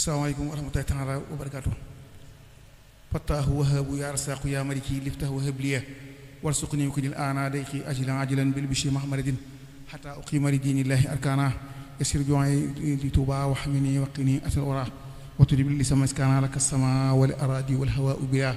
السلام عليكم ورحمة الله تعالى وبركاته فتاه وهب يا رساق يا ملكي لفته وهب لي وارزقني وكني الآن عليك أجلا عجلا بالبشي محمد حتى أقيم لدين الله أركانا يسير جوعي لتوبا وحمني وقني أثر الورى وتجب لي سمسكانا لك السماء والأراضي والهواء بلا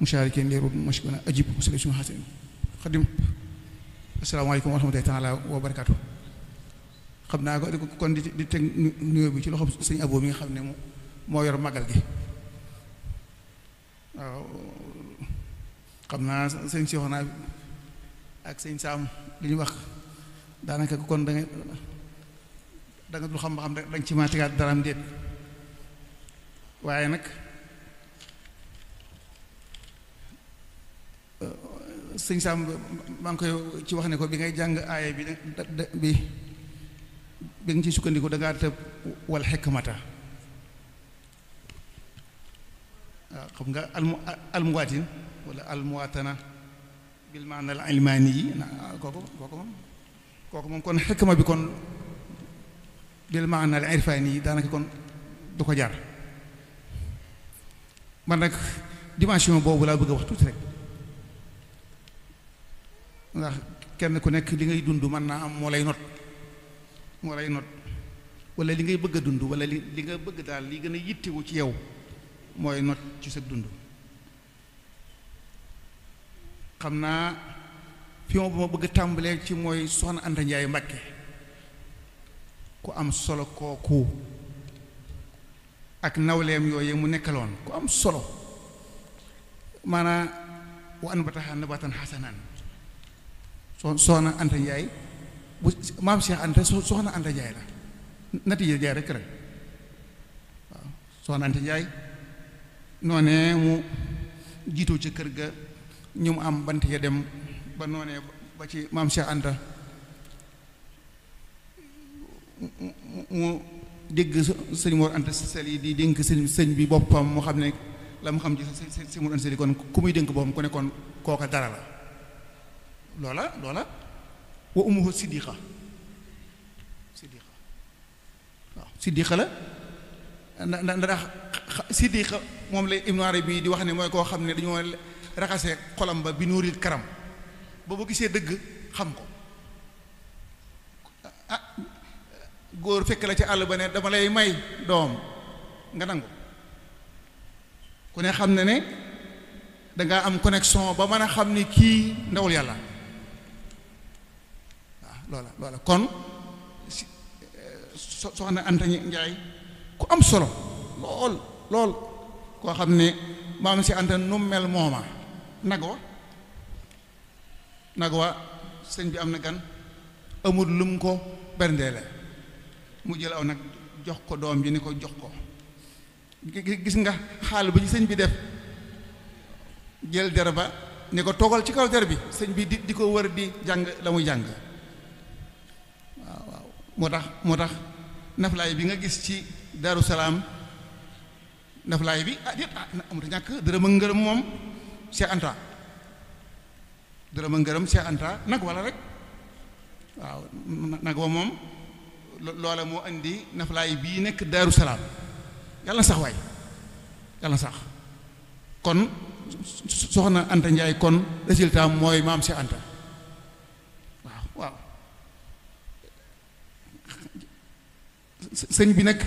مشاركا لرب مشكونا أجيب مسلسل حسن قدم السلام عليكم ورحمة الله تعالى وبركاته xam naa ko kon di di teg nuyoo bi ci loxo sëñ Abo mi nga xam ne mu moo yor magal gi waaw xam naa sëñ si naa ak sëñ Saam li ñu wax daanaka kon da nga da dul xam ba xam da nga ci maa tegaat dara am déet waaye nag sëñ Saam maa koy ci wax ne ko bi ngay jàng aaya bi bi. bi nga ci sukkandiku da ngaa tëb wal mata waaw ah, xam nga almu almuwaatin wala almuwaatana bil maana al ilmaani yi ah, kooku kooku kooku moom kon xikma bi kon bil maana yi daanaka kon du ko jaar man nag dimension boobu laa bëgg a wax tuuti rek ndax kenn ku nekk li ngay dund mën naa am moo lay not moo lay not wala li ngay bëgg a dund wala li li nga bëgg daal li gën a yittewu ci yow mooy not ci sa dund xam naa fi ma bu ma bëgg tàmbalee ci mooy soxna Anta Njaay ku am solo kooku ak nawleem yooyu mu nekkaloon ku am solo maanaa wa an bataxa nabatan xasanaan soxna Anta Njaay bu maam Cheikh Anta soxna Anta jaay la natija jaay rek rek waaw soxna Anta Njaay noonee mu jiitoo ci kër ga ñu mu am bant ya dem ba noonee ba ci maam Cheikh Anta mu dégg sëñ Mor Anta Sali di dénk sëñ sëñ bi boppam mu xam ne la mu xam ci sëñ Mor Anta Sali kon ku dénk boppam ku nekkoon kon kooka dara la loola loola wa ummuhu siddiqa siddiqa wa siddiqa la ndax ndax siddiqa mom lay ibnu arabi di wax ne moy ko xamne dañu dañoo raxase xolam ba bi nuuril karam ba bu gisee deug xam ko goor ah, góor fekk la ci àll ba ne dama lay may dom nga nangu ku ne xam ne da nga am connexion ba mana xam ndawul yalla loola loola kon eh, soxna Anta Njaay ku am solo lool lool koo xam ne maam si Anta nu mel mooma nag wa nag wa sëñ bi am na gan amul lum ko berndeele mu jël aw nag jox ko doom ji ni ko jox ko gis nga xaal ba ci sëñ bi def jël der ba ni ko toogal ci kaw der bi sëñ bi di di ko wër di jàng la muy jàng moo tax moo tax naflaay bi nga gis ci Daaru Salaam naflaay bi ah déet ah amut ñàkk dërëm ak ngërëm moom Cheikh Anta dërëm ak ngërëm Cheikh Anta nag walla rek waaw nag wa moom loola moo indi naflaay bii nekk Daaru Salaam yàlla sax waay yàlla sax kon soxna Anta Ndiaye kon résultat mooy maam Cheikh Anta sëñ bi nag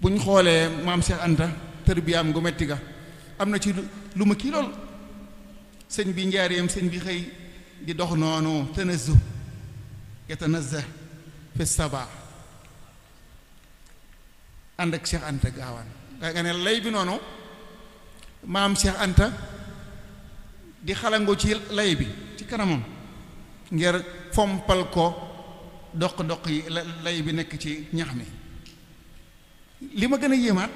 buñ xoolee maam Cheikh Anta tërbiyaam gu metti ga am na ci lu ma kii lool sëñ bi njaareem sëñ bi xëy di dox noonu tanazu yatanazza fi saba ànd ak Cheikh Anta gaawaan nga ne lay bi noonu maam Cheikh Anta di xalangoo ci lay bi ci kanamam ngir fompal ko doq-doq yi lay bi nekk ci ñax mi li ma gën a yéemaat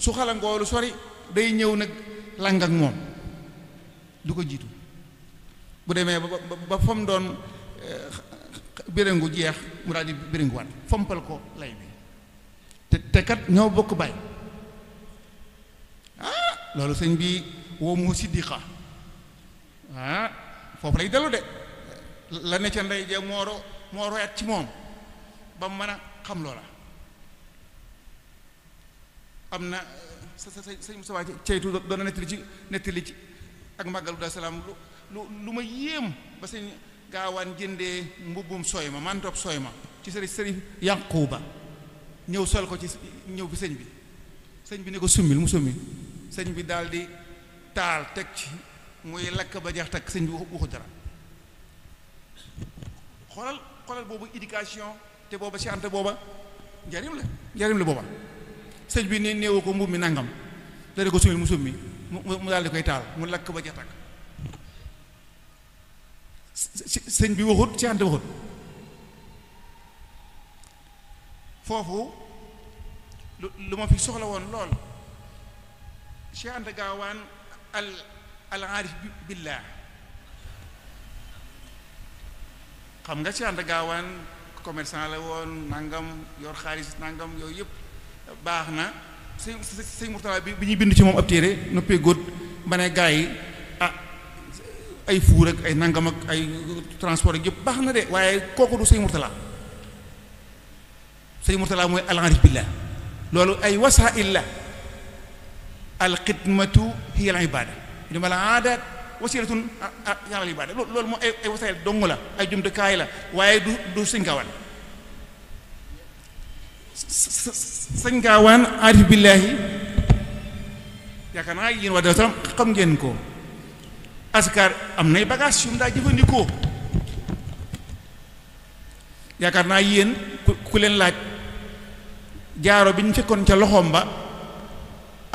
su xalangoolu sori day ñëw nag làng ak moom du ko jiitu bu demee ba ba fa mu doon eh, biringu jeex mu daal di biringuwaat fompal ko lay bi te te kat ñoo bokk baay ah loolu sëñ bi woo mu siddiqa ah foofu lay dellu de la ne ca ndey ja mooro mooroyat ci moom ba mu mën a xam loola am na sa sa sëñ Moussa Wathie ceytu doon na nettali ci nettali ci ak màggalu Daaru Salaam lu lu ma yéem ba sëñ gaawaan jëndee mbubbum sooy ma mantob sooy ma ci sëriñ sëriñ ba ñëw sol ko ci ñëw bi sëñ bi sëñ bi ne ko summil mu summil sëñ bi daal di taal teg ci muy lakk ba jeex takk sëñ bi waxu dara xoolal xoolal boobu éducation te booba si ante booba njariñ la njariñ la booba sëñ bi ne néewu ko mbubb mi nangam dara ko sumil mu summi mu daal di koy taal mu lakk ba ca tàkk sëñ bi waxut si ante foofu lu lu ma fi soxla woon lool si gaawaan al al aarif xam nga ci ànd gaawaan commercant la woon nangam yor xaalis nangam yooyu yëpp baax na sëñ sëñ Mourtala bi bi ñuy bind ci moom ab téere noppee góot ba ne gars yi ah ay fuur ak ay nangam ak ay transport ak yëpp baax na de waaye kooku du sëñ Mourtala sëñ Mourtala mooy al billah loolu ay wasaa'il la al-xidmatu hiya al-ibaada li ma la aadaat wasilatun yàlla ibaada loolu moo ay ay wasaayal dong la ay kay la waye du du singawan singawan arif billahi ya naa kan, yéen waa Daaru xam ngeen ko askar am nay bagage yu mu daa ya yaakaar ku len laaj jaaro biñu fekkon ci loxom ba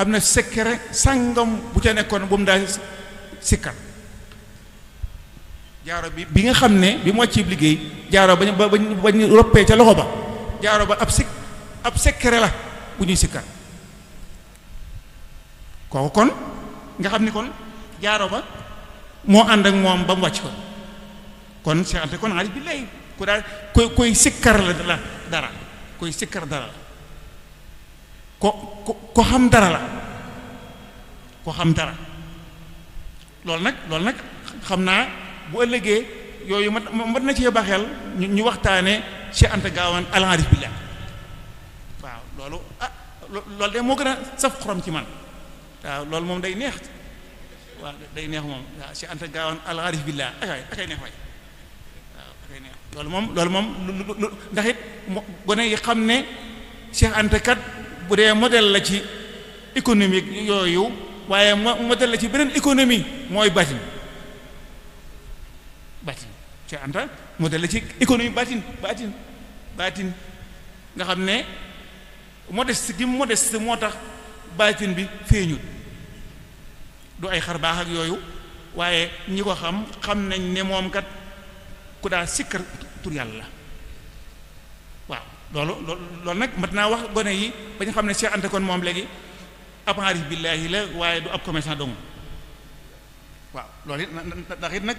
amna secret sangam bu ca nekkon bu mu sikkar jaaro bi bi nga xam ne bi mu wàccee liggéey jaaro bañ ba bañ roppee ca loxo ba jaaro ba ab sik ab sekkere la bu ñuy sikkar kooku kon nga xam ni kon jaaro ba moo ànd ak moom ba mu wàcc ko kon Cheikh Anta kon alif billahi ku daal koy koy sikkar la dara koy sikkar dara la ko ko ko xam dara la ko xam dara loolu nag loolu nag xam naa bu ëllëgee yooyu mat mat na ci baxeel ñu ñu waxtaanee Cheikh Anta Gaawaan al-aarif billah waaw loolu ah loolu de moo gën a saf xorom ci man waaw loolu moom day neex waaw day neex moom waaw Cheikh Anta Gaawaan al-aarif billah akay akay neex waay loolu moom loolu moom lu ndax it gone yi xam ne Cheikh Anta kat bu dee modèle la ci économique yooyu. waaye mu matal la ci beneen économie mooy batin batin ci anta modèle la ci économie batin batin batin nga xam ne modeste gi modeste moo tax batin bi feeñut du ay xar baaxak yooyu waaye ñi ko xam xam nañ ne moom kat ku daa sikkar tur yàlla la waaw loolu loolu loolu nag mat naa wax gone yi ba ñu xam ne Cheikh Anta kon moom léegi ab aarif billaahi la waaye du ab commerçant dong waaw loolu it ndax it nag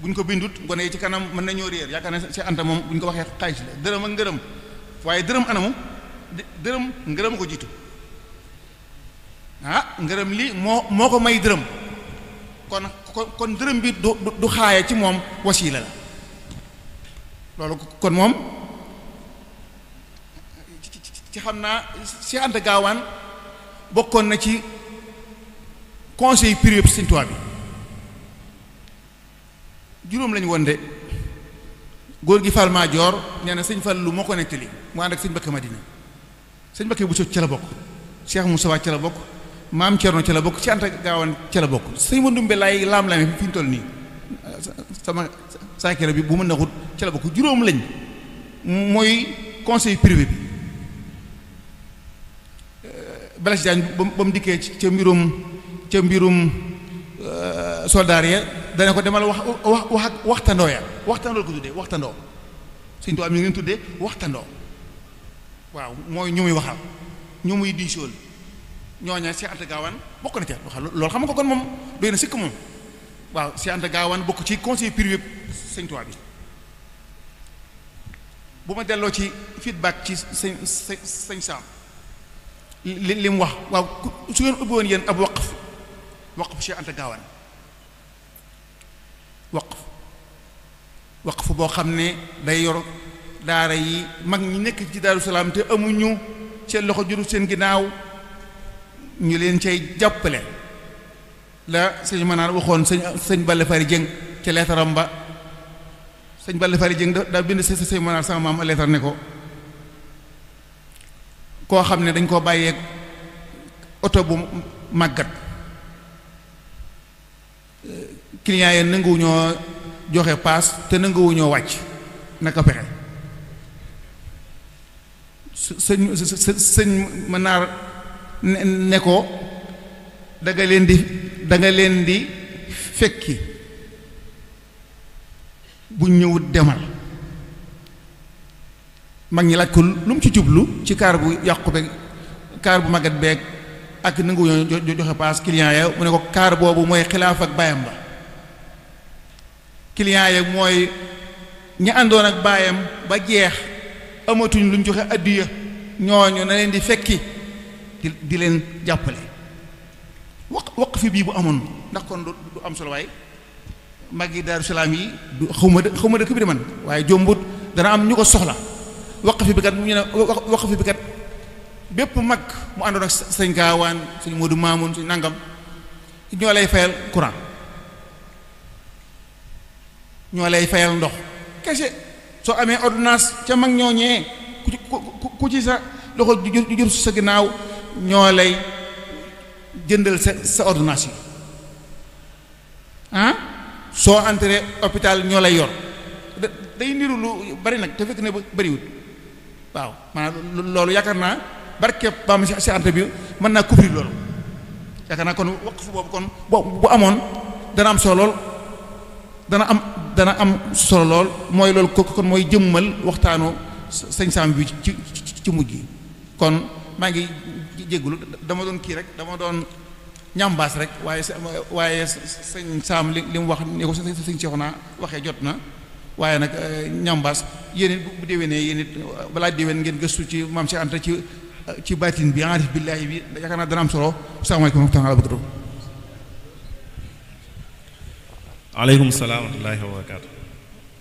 buñ ko bindut ngone yi ci kanam mën nañoo réer yaakaar ne si anta ko waxee xaalis la dërëm waaye dërëm anamu dërëm ko jiitu ah li moo moo ko may dërëm kon kon dërëm bi ci moom wasiila la gaawaan bokkoon na ci conseil privé bu Sëñ Tuubaa bi juróom lañu woon de góor gi Fall Madior nee na sëñ Fallu moo ko nettali mu ànd ak sëñ ma Madina sëñ Bakke bu sot ca la bokk mu Moussa ca la bokk maam Thierno ca la bokk ci Anta Gaawan ca la bokk sëñ Wandumbe laay laam-laame fi ñu toll nii sama saakira bi bu mën na xut ca la bokk juróom lañ mooy conseil privé bi Blaise Diagne ba mu dikkee ca mbirum ca mbirum euh, soldaar ya dana ko demal wax wax wax waxtandoo ya waxtandoo la ko tuddee waxtandoo suñu tubaab mi ngi leen tuddee waxtandoo waaw mooy ñu muy waxal ñu muy diisool ñooña si Anta Gaawaan bokk na ca waxal xam nga ko kon moom doy na sikk moom waaw si Anta Gaawaan bokk ci conseil privé sëñ tubaab bi bu ma delloo ci feedback ci sëñ sëñ saam li li mu wax waaw su ngeen ubbi woon yéen ab waqf waqf Cheikh Anta Gaawaan waqf waqf boo xam ne day yor daara yi mag ñi nekk ci Daaru Salaam te amuñu seen loxo juru seen ginnaaw ñu leen cay jàppale la sëñ Manar waxoon sëñ sëñ Balla Fari Jëng ca leetaram ba sëñ Balla Fari Jëng da daa bind sëñ Manar sama maam leetar ne ko koo xam ne dañ koo bàyyeeg oto bu màggat clients yi nanguwuñoo joxe paas te nanguwuñoo wàcc naka pexe sëñ sëñ ma naar ne ko da nga leen di da leen di fekki bu ñëwut demal mag ñi lum ko lu mu ci jublu ci car bu yàqu be car bu magat be ak nangu yo joxe pass client ya mu ne ko car bobu moy khilaf ak bayam ba client ya moy ñi andon ak bayam ba jeex amatuñ luñ joxe adiya ñoñu na len di fekki di len jàppale waqf bi bu amon ndax kon du am solo way magi yi daaru yi xawma xawma dëkk bi de man waye jombut dana am ñuko soxla waqf bi kat ñu ne waqf bi kat bépp mag mu àndoon ak sëñ gaawaan sëñ Modou Mamoun sëñ nangam ñoo lay fayal courant ñoo lay fayal ndox kese soo amee ordonnance ca mag ñooñee ku ci ku ci sa loxo ju jur sa ginnaaw ñoo lay jëndal sa sa ordonnance yi ah soo entré hôpital ñoo lay yor day niru lu bari nag te fekk ne bariwut waaw maanaam loolu yaakaar naa barkeb maam si ante bi mën naa couvrir loolu yaakaar naa kon waqfu boobu kon boobu bu amoon dana am solo lool dana am dana am solo lool mooy loolu ko kon mooy jëmmal waxtaanu sëñ Sam bi ci ci mujj gi kon maa ngi jéggulu dama doon kii rek dama doon ñambaas rek waaye waaye sëñ Sam li li mu wax ni si sëñ naa waxee jot na waaye nag euh, ñambaas yéen it bu déwénee yéen it euh, balaa déwén ngeen gëstu ci maam Cheikh Anta ci euh, ci baatin bi arif billaahi bi yaakaar naa dana am solo salaamaaleykum wa rahmatullaahi wa barakaatuh aleykum salaam wa rahmatullaahi wa barakaatuh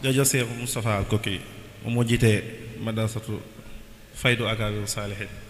jërëjëf Cheikh Moustapha Koki moo jiite madrasatu Faydu Akaabiru Saalihiin